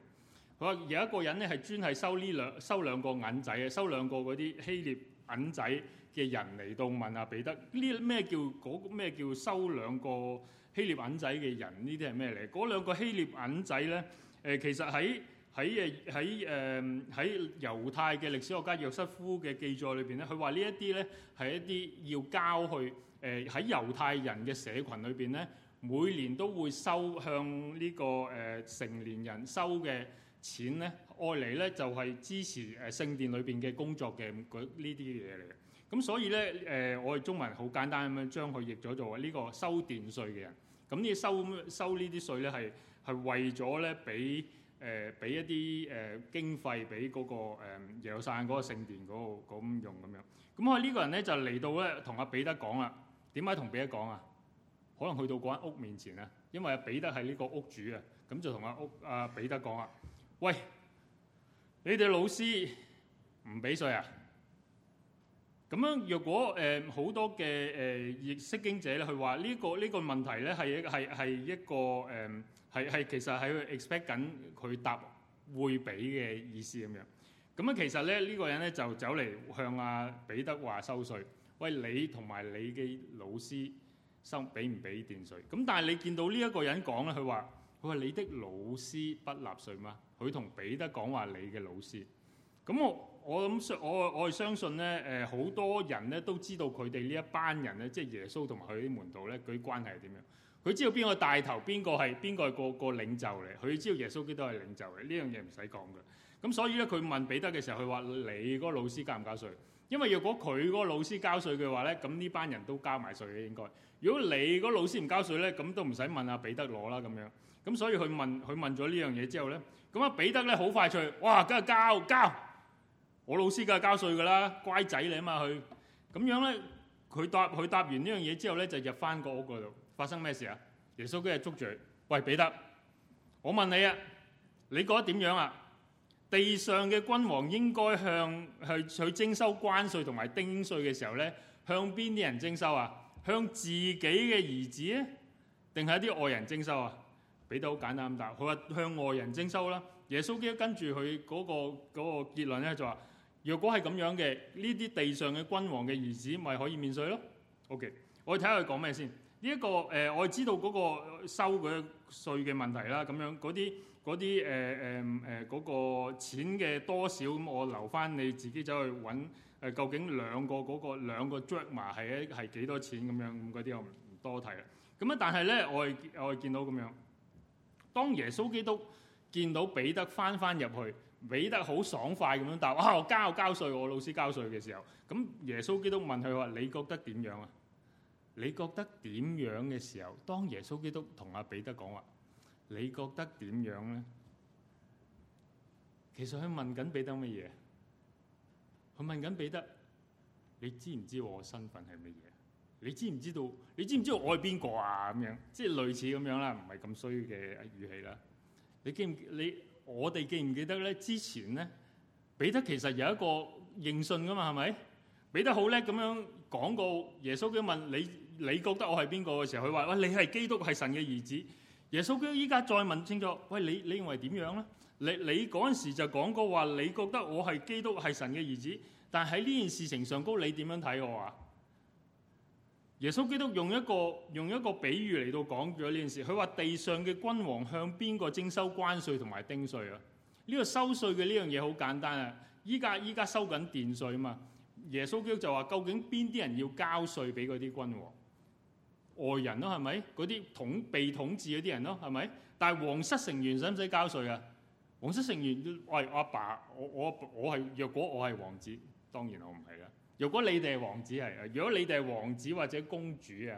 佢話有一個人咧，係專係收呢兩收兩個銀仔嘅，收兩個嗰啲希臘銀仔嘅人嚟到問阿彼得呢，咩叫嗰個咩叫收兩個希臘銀仔嘅人呢？啲係咩嚟？嗰兩個希臘銀仔咧，誒其實喺喺誒喺誒喺猶太嘅歷史學家約瑟夫嘅記載裏邊咧，佢話呢一啲咧係一啲要交去誒喺猶太人嘅社群裏邊咧，每年都會收向呢個誒成年人收嘅。錢咧愛嚟咧就係、是、支持誒聖殿裏邊嘅工作嘅呢啲嘢嚟嘅。咁所以咧誒、呃，我哋中文好簡單咁樣將佢譯咗做呢個收殿稅嘅人。咁呢收收呢啲稅咧，係係為咗咧俾誒俾一啲誒、呃、經費俾嗰個、呃、耶路撒冷嗰個聖殿嗰個咁用咁樣。咁我呢個人咧就嚟到咧同阿彼得講啦。點解同彼得講啊？可能去到嗰間屋面前啊，因為阿彼得係呢個屋主啊，咁就同阿屋阿彼得講啦。喂，你哋老師唔俾稅啊？咁樣若果誒好多嘅誒識經者咧，佢話呢個呢個問題咧係係係一個誒係係其實係 expect 緊佢答會俾嘅意思咁樣。咁樣其實咧呢個人咧就走嚟向阿彼得話收稅。喂，你同埋你嘅老師收俾唔俾電稅？咁但係你見到呢一個人講咧，佢話佢話你的老師不納稅嗎？佢同彼得講話：你嘅老師。咁我我諗，我我係相信咧。誒，好多人咧都知道佢哋呢一班人咧，即係耶穌同埋佢啲門徒咧，佢關係係點樣？佢知道邊個帶頭，邊個係邊個係個個領袖嚟？佢知道耶穌基督係領袖嚟。呢樣嘢唔使講㗎。咁所以咧，佢問彼得嘅時候，佢話：你嗰個老師交唔交稅？因為如果佢嗰個老師交稅嘅話咧，咁呢班人都交埋稅嘅應該。如果你嗰個老師唔交稅咧，咁都唔使問阿彼得攞啦咁樣。咁所以佢問，佢問咗呢樣嘢之後咧。咁啊，彼得咧好快脆，哇！梗係交交，我老師梗係交稅噶啦，乖仔嚟啊嘛佢。咁樣咧，佢答佢答完呢樣嘢之後咧，就入翻個屋嗰度。發生咩事啊？耶穌今日捉住佢，喂彼得，我問你啊，你覺得點樣啊？地上嘅君王應該向去去徵收關稅同埋丁稅嘅時候咧，向邊啲人徵收啊？向自己嘅兒子咧，定係一啲外人徵收啊？俾到好簡單咁答，佢話向外人徵收啦。耶穌基督跟住佢嗰個嗰、嗰個結論咧，就話：若果係咁樣嘅，呢啲地上嘅君王嘅兒子咪可以免稅咯。O.K. 我哋睇下佢講咩先。呢、這、一個誒、呃，我知道嗰個收佢啲稅嘅問題啦。咁樣嗰啲啲誒誒誒嗰個錢嘅多少，咁我留翻你自己走去揾誒。究竟兩個嗰、嗰個兩個 drachma 係係幾多少錢咁樣咁嗰啲，我唔多提啦。咁啊，但係咧，我我見到咁樣。當耶穌基督見到彼得翻翻入去，彼得好爽快咁樣答：啊，我交交稅，我老師交稅嘅時候，咁耶穌基督問佢話：你覺得點樣啊？你覺得點樣嘅時候，當耶穌基督同阿彼得講話，你覺得點樣咧？其實佢問緊彼得乜嘢？佢問緊彼得，你知唔知我身份係乜嘢？你知唔知道？你知唔知道我係邊個啊？咁樣即係類似咁樣啦，唔係咁衰嘅語氣啦。你記唔記你我哋記唔記得咧？之前咧，彼得其實有一個認信噶嘛，係咪？彼得好叻咁樣講過，耶穌基督問你，你覺得我係邊個嘅時候，佢話：喂，你係基督，係神嘅兒子。耶穌基督依家再問清楚：喂，你你認為點樣咧？你你嗰陣時就講過話，你覺得我係基督，係神嘅兒子。但喺呢件事情上高，你點樣睇我啊？耶穌基督用一個用一個比喻嚟到講咗呢件事，佢話地上嘅君王向邊個徵收關稅同埋丁稅啊？呢個收稅嘅呢樣嘢好簡單啊！依家依家收緊電稅啊嘛！耶穌基督就話：究竟邊啲人要交稅俾嗰啲君王？外人咯，係咪？嗰啲統被統治嗰啲人咯，係咪？但係皇室成員使唔使交稅啊？皇室成員，喂，我阿爸，我我我係若果我係王子，當然我唔係啦。如果你哋係王子係，如果你哋係王子或者公主啊，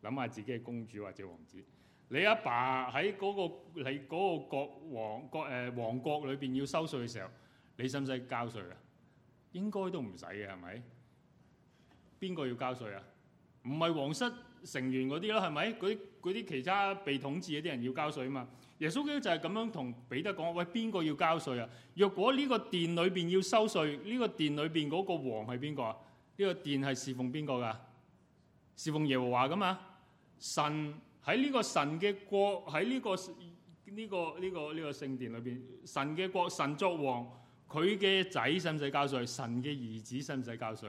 諗下自己係公主或者王子，你阿爸喺嗰個你嗰個國王國，誒王國裏邊要收稅嘅時候，你使唔使交稅啊？應該都唔使嘅，係咪？邊個要交稅啊？唔係皇室。成員嗰啲啦，係咪？嗰啲嗰啲其他被統治嗰啲人要交稅啊嘛！耶穌基督就係咁樣同彼得講，喂，邊個要交稅啊？若果呢個殿裏邊要收稅，呢個殿裏邊嗰個王係邊個啊？呢個殿係侍奉邊個㗎？侍奉耶和華㗎嘛？神喺呢個神嘅國，喺呢個呢個呢個呢個呢個聖殿裏邊，神嘅國，神作王，佢嘅仔使唔使交稅？神嘅兒子使唔使交稅？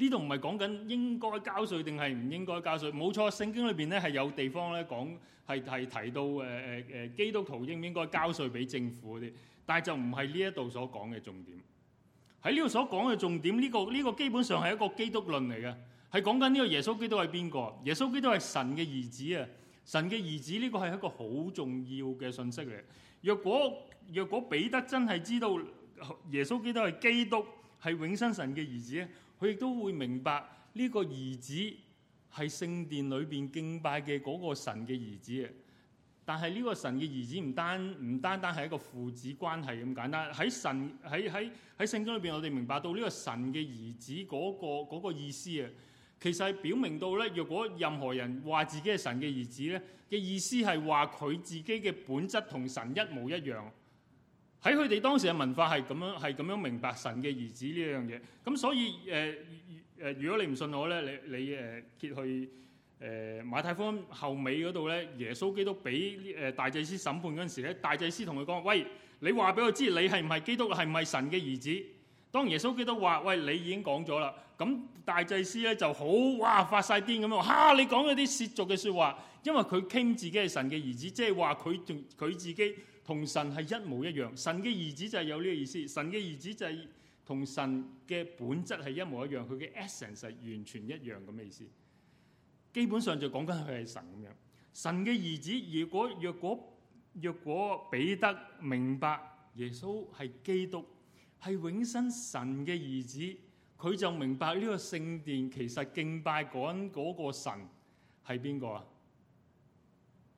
呢度唔係講緊應該交稅定係唔應該交稅，冇錯。聖經裏邊咧係有地方咧講係係提到誒誒誒基督徒應唔應該交稅俾政府嗰啲，但係就唔係呢一度所講嘅重點。喺呢度所講嘅重點，呢個呢個基本上係一個基督論嚟嘅，係講緊呢個耶穌基督係邊個？耶穌基督係神嘅兒子啊！神嘅兒子呢個係一個好重要嘅信息嚟。若果若果彼得真係知道耶穌基督係基督係永生神嘅兒子咧。佢亦都會明白呢個兒子係聖殿裏邊敬拜嘅嗰個神嘅兒子啊！但係呢個神嘅兒子唔單唔單單係一個父子關係咁簡單。喺神喺喺喺聖經裏邊，我哋明白到呢個神嘅兒子嗰個嗰個意思啊！其實係表明到咧，若果任何人話自己係神嘅兒子咧，嘅意思係話佢自己嘅本質同神一模一樣。喺佢哋當時嘅文化係咁樣，係咁樣明白神嘅兒子呢樣嘢。咁所以誒誒、呃呃，如果你唔信我咧，你你誒揭、呃、去誒、呃、馬太福音後尾嗰度咧，耶穌基督俾誒大祭司審判嗰陣時咧，大祭司同佢講：喂，你話俾我知你係唔係基督，係唔係神嘅兒子？當耶穌基督話：喂，你已經講咗啦。咁大祭司咧就好哇發晒癲咁樣，嚇、啊、你講嗰啲褻瀆嘅説話，因為佢傾自己係神嘅兒子，即係話佢仲佢自己。同神係一模一樣，神嘅兒子就係有呢個意思。神嘅兒子就係同神嘅本質係一模一樣，佢嘅 essence 係完全一樣咁嘅意思。基本上就講緊佢係神咁樣。神嘅兒子如果若果若果彼得明白耶穌係基督係永生神嘅兒子，佢就明白呢個聖殿其實敬拜緊嗰個神係邊個啊？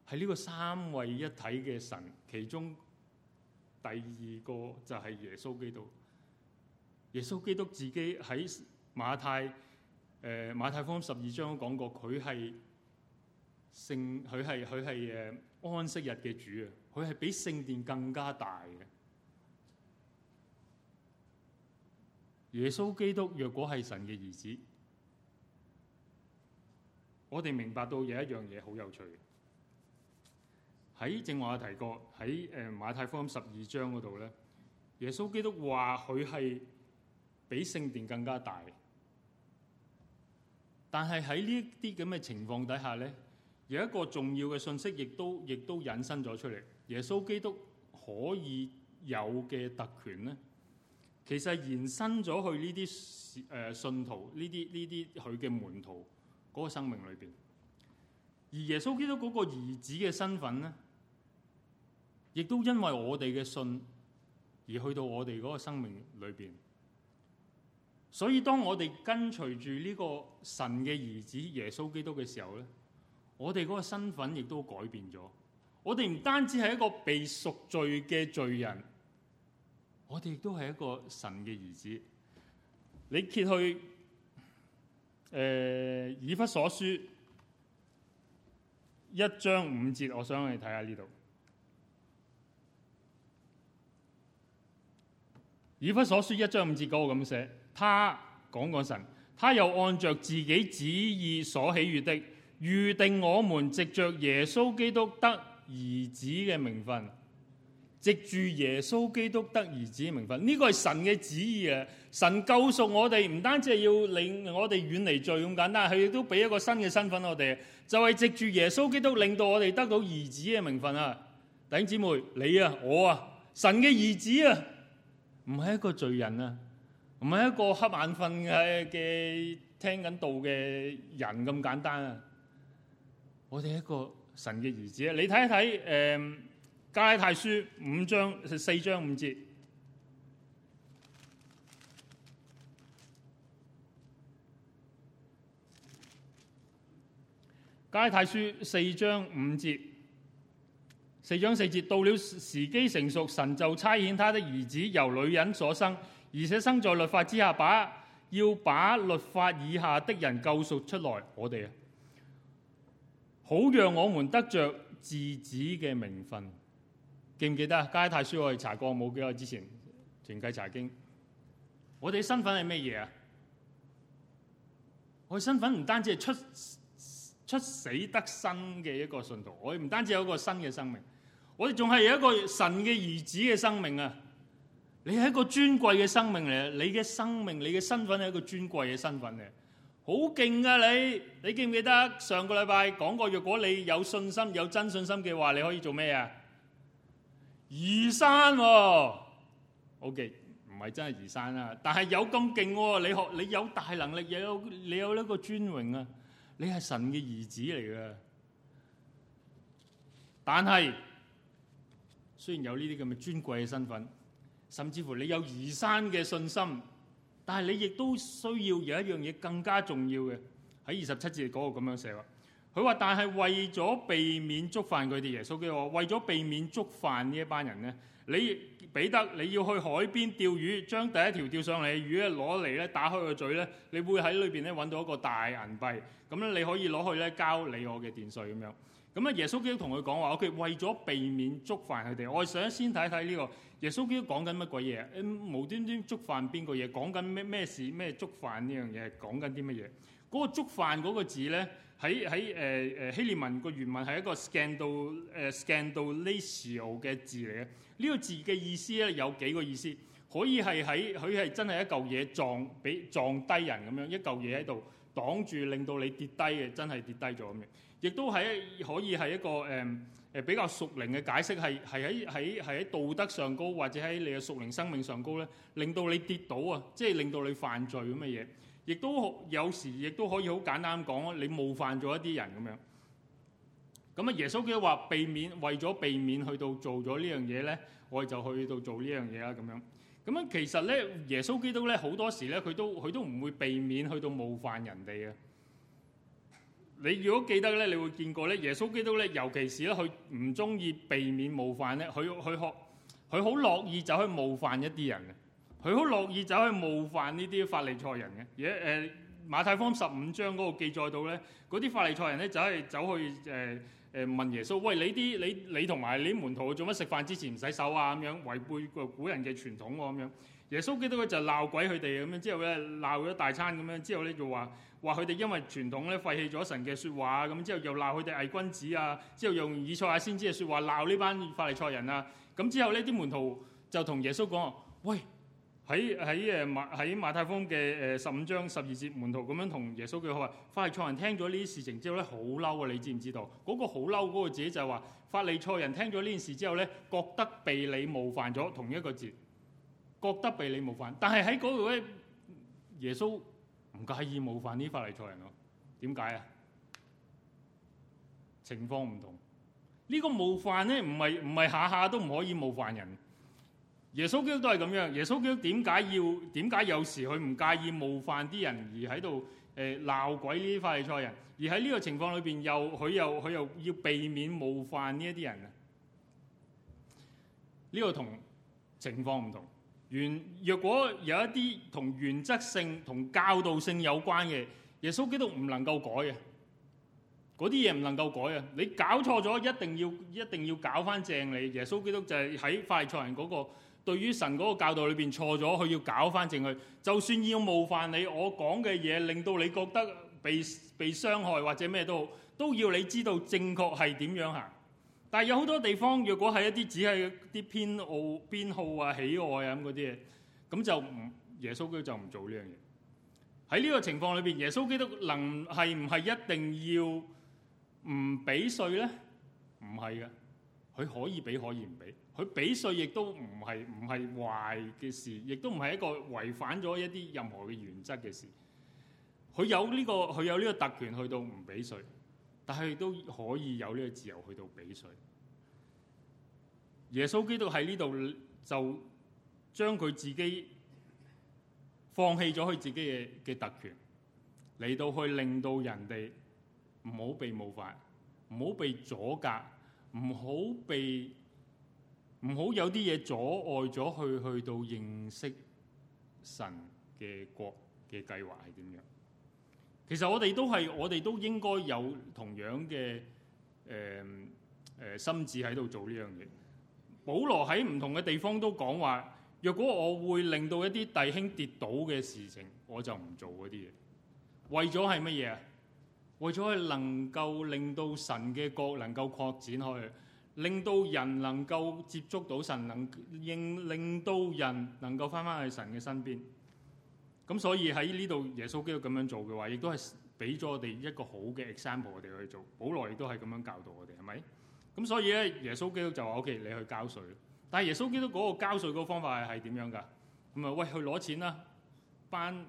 係呢個三位一體嘅神。其中第二個就係耶穌基督。耶穌基督自己喺馬太，馬太福音十二章講過，佢係安息日嘅主啊！佢係比聖殿更加大嘅。耶穌基督若果係神嘅兒子，我哋明白到有一樣嘢好有趣。喺正話提過喺誒馬太福音十二章嗰度咧，耶穌基督話佢係比聖殿更加大。但係喺呢啲咁嘅情況底下咧，有一個重要嘅信息也，亦都亦都引申咗出嚟。耶穌基督可以有嘅特權咧，其實延伸咗去呢啲誒信徒呢啲呢啲佢嘅門徒嗰個生命裏邊。而耶穌基督嗰個兒子嘅身份咧，亦都因為我哋嘅信而去到我哋嗰個生命裏邊，所以當我哋跟隨住呢個神嘅兒子耶穌基督嘅時候咧，我哋嗰個身份亦都改變咗。我哋唔單止係一個被贖罪嘅罪人，我哋亦都係一個神嘅兒子。你揭去誒、呃、以弗所書一章五節，我想你睇下呢度。以弗所書一章五節咁寫，他講，講神，他又按着自己旨意所喜悅的，預定我們藉着耶穌基督得兒子嘅名分，藉住耶穌基督得兒子嘅名分，呢、這個係神嘅旨意啊！神救贖我哋唔單止係要令我哋遠離罪咁簡單，佢亦都俾一個新嘅身份我哋，就係、是、藉住耶穌基督令到我哋得到兒子嘅名分啊！弟兄姊妹，你啊，我啊，神嘅兒子啊！唔係一個罪人啊，唔係一個瞌眼瞓嘅嘅聽緊道嘅人咁簡單啊！我哋一個神嘅兒子啊！你睇一睇誒、嗯《加拉太書》五章四章五節，《加拉太書》四章五節。四章四節到了時機成熟，神就差遣他的兒子由女人所生，而且生在律法之下，把要把律法以下的人救贖出來。我哋、啊、好讓我們得着兒子嘅名分，記唔記得啊？《加拉太書》我哋查過，冇幾耐之前團契查經。我哋身份係咩嘢啊？我嘅身份唔單止係出出死得生嘅一個信徒，我唔單止有一個新嘅生命。我哋仲係有一個神嘅兒子嘅生命啊！你係一個尊貴嘅生命嚟、啊，你嘅生命、你嘅身份係一個尊貴嘅身份嚟、啊。好勁啊！你你記唔記得上個禮拜講過？若果你有信心、有真信心嘅話，你可以做咩啊？移山喎？OK，唔係真係移山啊，但係有咁勁、啊，你學你有大能力，有你有呢個尊榮啊！你係神嘅兒子嚟嘅，但係。雖然有呢啲咁嘅尊貴嘅身份，甚至乎你有移山嘅信心，但係你亦都需要有一樣嘢更加重要嘅。喺二十七節嗰個咁樣寫話，佢話：但係為咗避免觸犯佢哋，耶穌嘅話：為咗避免觸犯呢一班人呢，你彼得，你要去海邊釣魚，將第一條釣上嚟嘅魚咧攞嚟咧打開個嘴咧，你會喺裏邊咧揾到一個大銀幣，咁咧你可以攞去咧交你我嘅丁稅咁樣。咁啊！耶穌基督同佢講話，OK，為咗避免觸犯佢哋，我想先睇睇呢個耶穌基督講緊乜鬼嘢？無端端觸犯邊個嘢？講緊咩咩事？咩觸犯呢樣嘢？講緊啲乜嘢？嗰、這個觸犯嗰個字咧，喺喺誒誒希臘文個原文係一個 scandal、呃、Scandalatio 嘅字嚟嘅。呢、這個字嘅意思咧有幾個意思，可以係喺佢係真係一嚿嘢撞俾撞低人咁樣，一嚿嘢喺度擋住，令到你跌低嘅，真係跌低咗咁樣。亦都喺可以係一個誒誒比較屬靈嘅解釋，係係喺喺喺道德上高，或者喺你嘅屬靈生命上高咧，令到你跌倒啊！即係令到你犯罪咁嘅嘢。亦都有時，亦都可以好簡單講，你冒犯咗一啲人咁樣。咁啊，耶穌基督話避免，為咗避免去到做咗呢樣嘢咧，我哋就去到做呢樣嘢啦咁樣。咁樣其實咧，耶穌基督咧好多時咧，佢都佢都唔會避免去到冒犯人哋嘅。你如果記得咧，你會見過咧。耶穌基督咧，尤其是咧，佢唔中意避免冒犯咧。佢佢學佢好樂意走去冒犯一啲人嘅，佢好樂意走去冒犯呢啲法利賽人嘅。而誒馬太福音十五章嗰個記載到咧，嗰啲法利賽人咧走係走去誒誒問耶穌：喂，你啲你你同埋你門徒做乜食飯之前唔洗手啊？咁樣違背個古人嘅傳統喎，啊，咁樣。耶穌基督佢就鬧鬼佢哋咁樣，之後咧鬧咗大餐咁樣，之後咧就話話佢哋因為傳統咧廢棄咗神嘅説話啊，咁之後又鬧佢哋偽君子啊，之後用以賽亞先知嘅説話鬧呢班法利賽人啊，咁之後呢啲門徒就同耶穌講：喂，喺喺誒馬喺馬太福音嘅誒十五章十二節，門徒咁樣同耶穌講話，法利賽人聽咗呢啲事情之後咧好嬲啊！你知唔知道？嗰、那個好嬲嗰個字就話法利賽人聽咗呢件事之後咧，覺得被你冒犯咗同一個字。覺得被你冒犯，但係喺嗰度咧，耶穌唔介意冒犯呢法利賽人咯？點解啊？情況唔同。呢個冒犯咧，唔係唔係下下都唔可以冒犯人。耶穌基督都係咁樣。耶穌基督點解要點解有時佢唔介意冒犯啲人，人，而喺度誒鬧鬼啲法利賽人，而喺呢個情況裏邊，又佢又佢又要避免冒犯呢一啲人啊？呢個同情況唔同。原若果有一啲同原則性同教導性有關嘅，耶穌基督唔能夠改嘅，嗰啲嘢唔能夠改啊！你搞錯咗，一定要一定要搞翻正你。耶穌基督就係喺快錯人嗰個對於神嗰個教導裏邊錯咗，佢要搞翻正佢。就算要冒犯你，我講嘅嘢令到你覺得被被傷害或者咩都好，都要你知道正確係點樣行。但係有好多地方，若果係一啲只係啲偏好、偏好啊、喜愛啊咁嗰啲嘢，咁就唔耶穌基督就唔做呢樣嘢。喺呢個情況裏邊，耶穌基督能係唔係一定要唔俾稅呢？唔係嘅，佢可以俾可以唔俾。佢俾稅亦都唔係唔係壞嘅事，亦都唔係一個違反咗一啲任何嘅原則嘅事。佢有呢個佢有呢個特權，去到唔俾稅。但係都可以有呢個自由去到比稅耶穌基督喺呢度就將佢自己放棄咗佢自己嘅嘅特權，嚟到去令到人哋唔好被冒犯，唔好被阻隔，唔好被唔好有啲嘢阻礙咗去去到認識神嘅國嘅計劃係點樣。其實我哋都係，我哋都應該有同樣嘅誒誒心志喺度做呢樣嘢。保羅喺唔同嘅地方都講話，若果我會令到一啲弟兄跌倒嘅事情，我就唔做嗰啲嘢。為咗係乜嘢？為咗係能夠令到神嘅國能夠擴展開去，令到人能夠接觸到神，能令令到人能夠翻翻去神嘅身邊。咁所以喺呢度耶穌基督咁樣做嘅話，亦都係俾咗我哋一個好嘅 example 我哋去做。保羅亦都係咁樣教導我哋，係咪？咁所以咧，耶穌基督就話，OK，你去交稅。但係耶穌基督嗰個交稅嗰個方法係點樣㗎？咁啊，喂，去攞錢啦、啊！班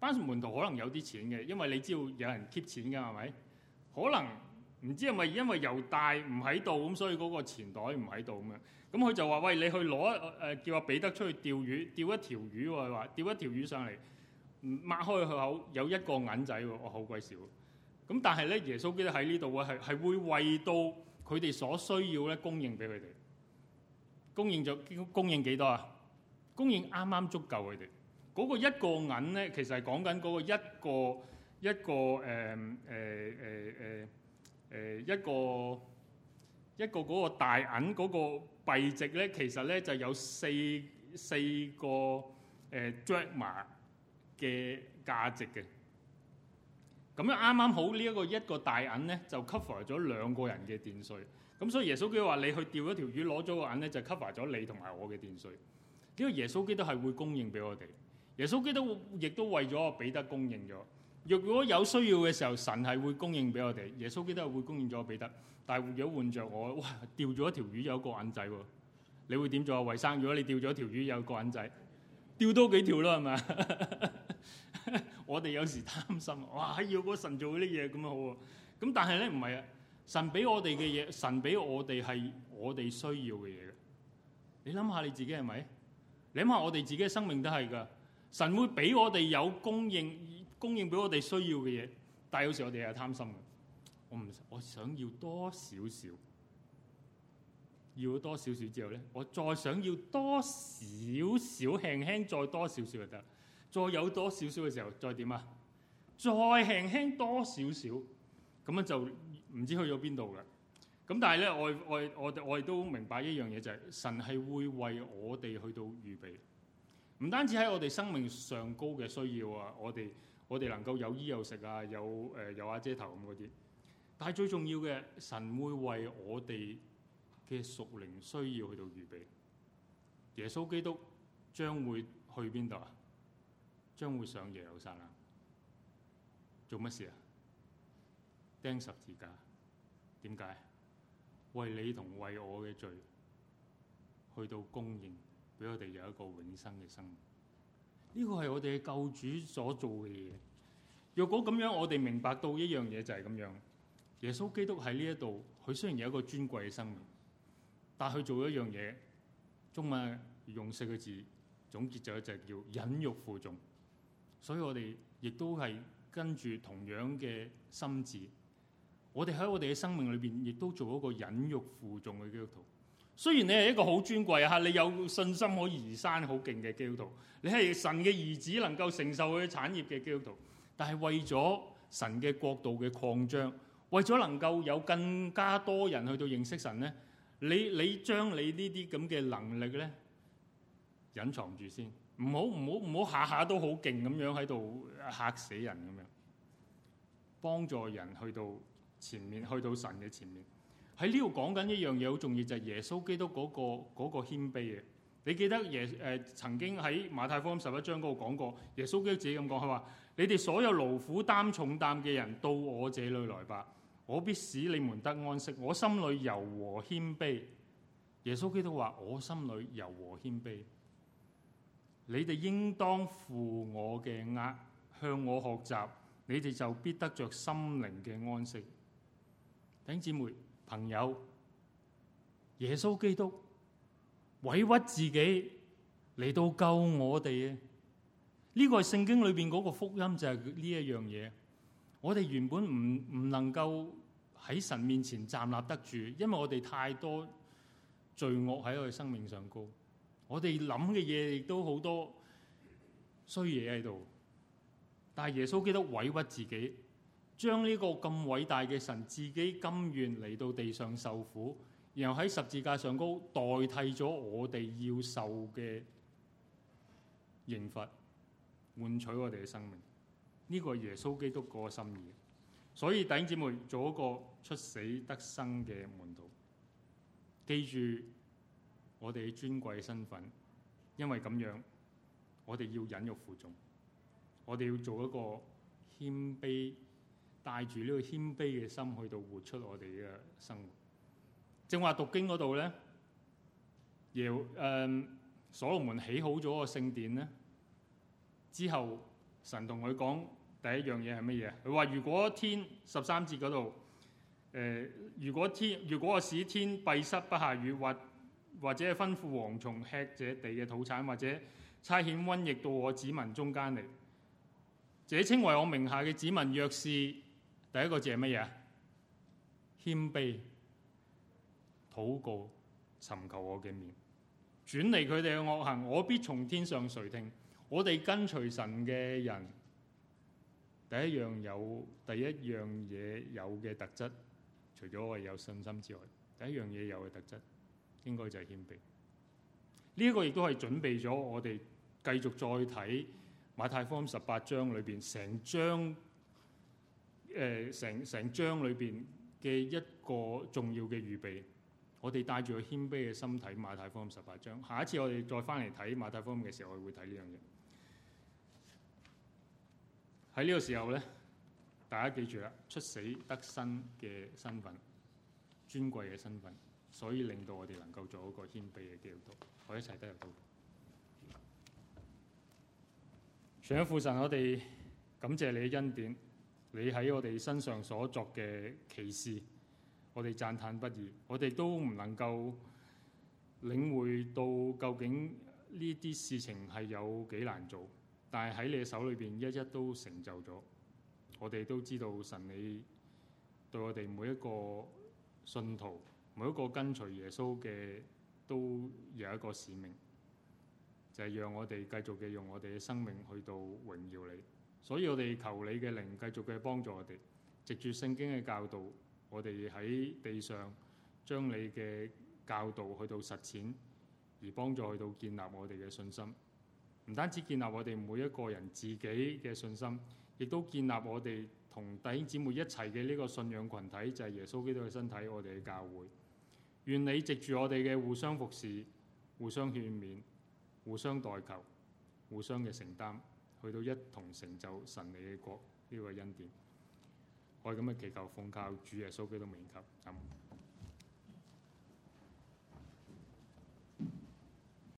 班門徒可能有啲錢嘅，因為你知道有人 keep 錢㗎，係咪？可能唔知係咪因為猶大唔喺度，咁所以嗰個錢袋唔喺度咁樣。咁佢就話，喂，你去攞誒，叫阿彼得出去釣魚，釣一條魚，佢話釣一條魚上嚟。擘開佢口有一個銀仔喎，我好鬼少咁。但係咧，耶穌基督喺呢度咧，係係會為到佢哋所需要咧，供應俾佢哋，供應咗供供應幾多啊？供應啱啱足夠佢哋嗰個一個銀咧，其實係講緊嗰個一個一個誒誒誒誒誒一個一個嗰個大銀嗰個幣值咧，其實咧就有四四個誒 drachma。嘅價值嘅，咁樣啱啱好呢一、呢個一個大銀咧，就 cover 咗兩個人嘅殿稅。咁所以耶穌基督話：你去釣一條魚攞咗個銀咧，就 cover 咗你同埋我嘅殿稅。呢個耶穌基督都係會供應俾我哋。耶穌基督亦都為咗彼得供應咗。若如果有需要嘅時候，神係會供應俾我哋。耶穌基督係會供應咗彼得。但係如果換着我，哇！釣咗一條魚有一個銀仔喎，你會點做啊？偉成，如果你釣咗條魚有個銀仔。釣多幾條啦，係咪？ 我哋有時貪心，哇！要嗰神做啲嘢咁好喎。咁但係咧唔係啊，神俾我哋嘅嘢，神俾我哋係我哋需要嘅嘢。你諗下你自己係咪？你諗下我哋自己嘅生命都係噶。神會俾我哋有供應，供應俾我哋需要嘅嘢。但係有時我哋係貪心嘅，我唔我想要多少少。要多少少之後呢？我再想要多少少，輕輕再多少少就得，再有多少少嘅時候再點啊？再輕輕多少少，咁樣就唔知去咗邊度嘅。咁但係呢，我我我哋都明白一樣嘢就係、是、神係會為我哋去到預備，唔單止喺我哋生命上高嘅需要啊，我哋我哋能夠有衣有食啊，有誒有阿姐頭咁嗰啲，但係最重要嘅神會為我哋嘅屬靈需要去到預備，耶穌基督將會去邊度啊？將會上耶路撒冷？做乜事啊？釘十字架點解？為你同為我嘅罪去到供應，俾我哋有一個永生嘅生命。呢、這個係我哋嘅救主所做嘅嘢。若果咁樣，我哋明白到一樣嘢就係咁樣。耶穌基督喺呢一度，佢雖然有一個尊貴嘅生命。但係佢做一樣嘢，中文用四個字總結咗，係就係叫忍辱負重。所以我哋亦都係跟住同樣嘅心志。我哋喺我哋嘅生命裏邊亦都做一個忍辱負重嘅基督徒。雖然你係一個好尊貴嚇，你有信心可以移山好勁嘅基督徒，你係神嘅兒子，能夠承受佢嘅產業嘅基督徒。但係為咗神嘅國度嘅擴張，為咗能夠有更加多人去到認識神呢。你你將你呢啲咁嘅能力咧隱藏住先，唔好唔好唔好下下都好勁咁樣喺度嚇死人咁樣，幫助人去到前面，去到神嘅前面。喺呢度講緊一樣嘢好重要，就係耶穌基督嗰個嗰個謙卑嘅。你記得耶誒、呃、曾經喺馬太福音十一章嗰度講過，耶穌基督自己咁講，佢話：你哋所有勞苦擔重擔嘅人，到我這裏來吧。我必使你們得安息，我心裏柔和謙卑。耶穌基督話：我心裏柔和謙卑。你哋應當負我嘅軛，向我學習，你哋就必得着心靈嘅安息。弟兄姊妹、朋友，耶穌基督委屈自己嚟到救我哋嘅，呢個係聖經裏面嗰個福音就係呢一樣嘢。我哋原本唔唔能夠喺神面前站立得住，因為我哋太多罪惡喺我哋生命上高。我哋諗嘅嘢，亦都好多衰嘢喺度。但係耶穌基督委屈自己，將呢個咁偉大嘅神自己甘願嚟到地上受苦，然後喺十字架上高代替咗我哋要受嘅刑罰，換取我哋嘅生命。呢個耶穌基督個心意，所以弟兄姊妹做一個出死得生嘅門徒，記住我哋尊貴身份，因為咁樣我哋要忍辱負重，我哋要做一個謙卑，帶住呢個謙卑嘅心去到活出我哋嘅生活。正話讀經嗰度咧，耶誒所羅門起好咗個聖殿咧，之後神同佢講。第一樣嘢係乜嘢？佢話：如果天十三節嗰度，誒、呃，如果天，如果我使天閉塞不下雨，或或者係吩咐蝗蟲吃這地嘅土產，或者差遣瘟疫到我子民中間嚟，這稱為我名下嘅子民，若是第一個字係乜嘢？謙卑、禱告、尋求我嘅面，轉離佢哋嘅惡行，我必從天上垂聽。我哋跟隨神嘅人，第一樣有，第一樣嘢有嘅特質，除咗我有信心之外，第一樣嘢有嘅特質，應該就係謙卑。呢、這、一個亦都係準備咗我哋繼續再睇馬太福音十八章裏邊成章，誒成成章裏邊嘅一個重要嘅預備。我哋帶住個謙卑嘅心睇馬太福音十八章。下一次我哋再翻嚟睇馬太福音嘅時候，我會睇呢兩樣嘢。喺呢個時候呢，大家記住啦，出死得生嘅身份，尊貴嘅身份，所以令到我哋能夠做一個謙卑嘅基督徒，可以一齊得入到。除咗父神，我哋感謝你嘅恩典，你喺我哋身上所作嘅奇事，我哋讚歎不已。我哋都唔能夠領會到究竟呢啲事情係有幾難做。但係喺你嘅手裏邊，一一都成就咗。我哋都知道神你對我哋每一個信徒，每一個跟隨耶穌嘅，都有一個使命，就係讓我哋繼續嘅用我哋嘅生命去到榮耀你。所以我哋求你嘅靈繼續嘅幫助我哋，藉住聖經嘅教導，我哋喺地上將你嘅教導去到實踐，而幫助去到建立我哋嘅信心。唔單止建立我哋每一個人自己嘅信心，亦都建立我哋同弟兄姊妹一齊嘅呢個信仰群體，就係耶穌基督嘅身體，我哋嘅教會。願你藉住我哋嘅互相服侍、互相勸勉、互相代求、互相嘅承擔，去到一同成就神你嘅國呢個恩典。我哋咁嘅祈求，奉靠主耶穌基督，名求咁。